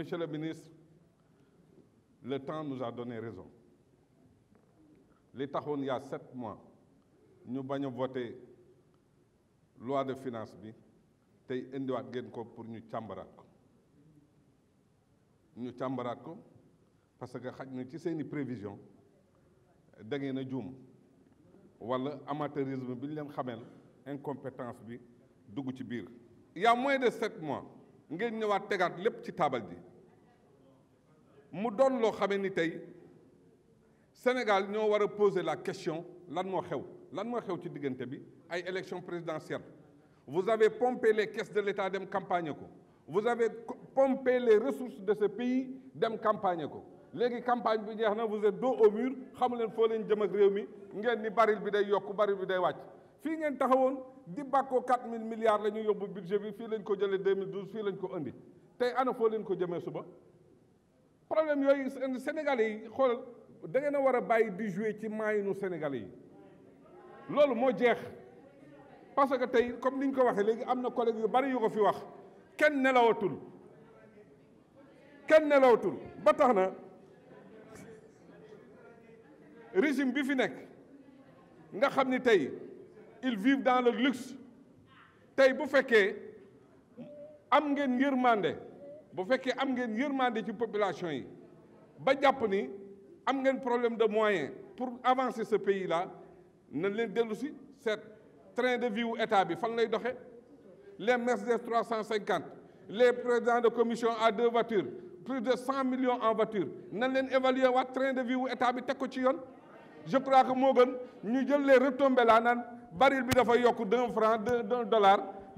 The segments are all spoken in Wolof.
Monsieur le ministre, le temps nous a donné raison. L'État, il y a sept mois, nous avons voté la loi de finances et nous avons voté pour nous faire Nous avons parce que nous avons une prévision de la loi ou l'amateurisme, l'incompétence. Il y a moins de sept mois, nous avons fait tout sur la mu doon Sénégal ñoo poser la question lan moo xew lan moo xew ci bi ay élection présidentielle vous avez pompé les caisses de l'État dem campagne vous avez pompé les ressources de ce pays dem campagne ko campagne bi vous êtes dos au mur xamu leen leen jëm ak réew mi ni baril bi day baril bi day wàcc fii di 4000 milliards budget bi lañ ko 2012 lañ ko suba problème yoy sénégalais xol da ngay na wara a bàyyi di jouer ci mayinu sénégalais yi mo jeex parce que tay comme niñ ko waxe légui amna collègue yu bari yu ko fi wax ken nelawatul ken nelawatul ba taxna régime bi fi nek nga xamni tay il vivent dans le luxe tay bu fekkee am ngeen yërmande bu fekkee am ngeen yërmande ci population yi ba jàpp ni am ngeen problème de moyens pour avancer ce pays là nañ leen dellu si seet train de vie wu état bi fan les Mercedes 350 les présidents de commission à deux voitures plus de 100 millions en voiture nañ leen évaluer waat train de vie wu état bi teg ko ci yoon je crois que moo gën ñu jël les retombées là naan baril bi de yokk d'un franc d'un dollar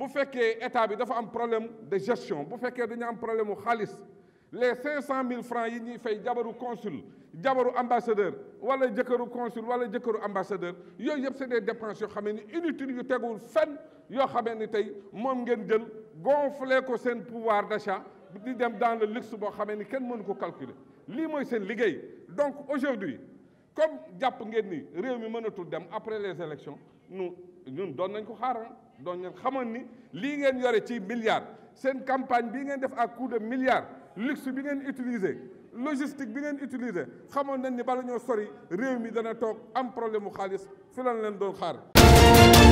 bu fekkee état bi problème de gestion bu fekkee un problème de les 500 000 francs yi ñuy fay jabaru consul jabaru ambassadeur wala consul wala ambassadeur des dépenses ni inutile yu fenn ni pouvoir d'achat dans le luxe ni calculer donc aujourd'hui comme jàpp ngeen ni après les élections nous donnons doon nañ ko hein. donc ngeen xamoon ni lii ngeen yore ci milliards seen campagne bi ngeen def ak coup de milliards luxe bi ngeen utiliser logistique bi ngeen utiliser xamoon nañ ni bala ñoo sori réew mi dana toog am problème mu xaalis fi leen doon xaar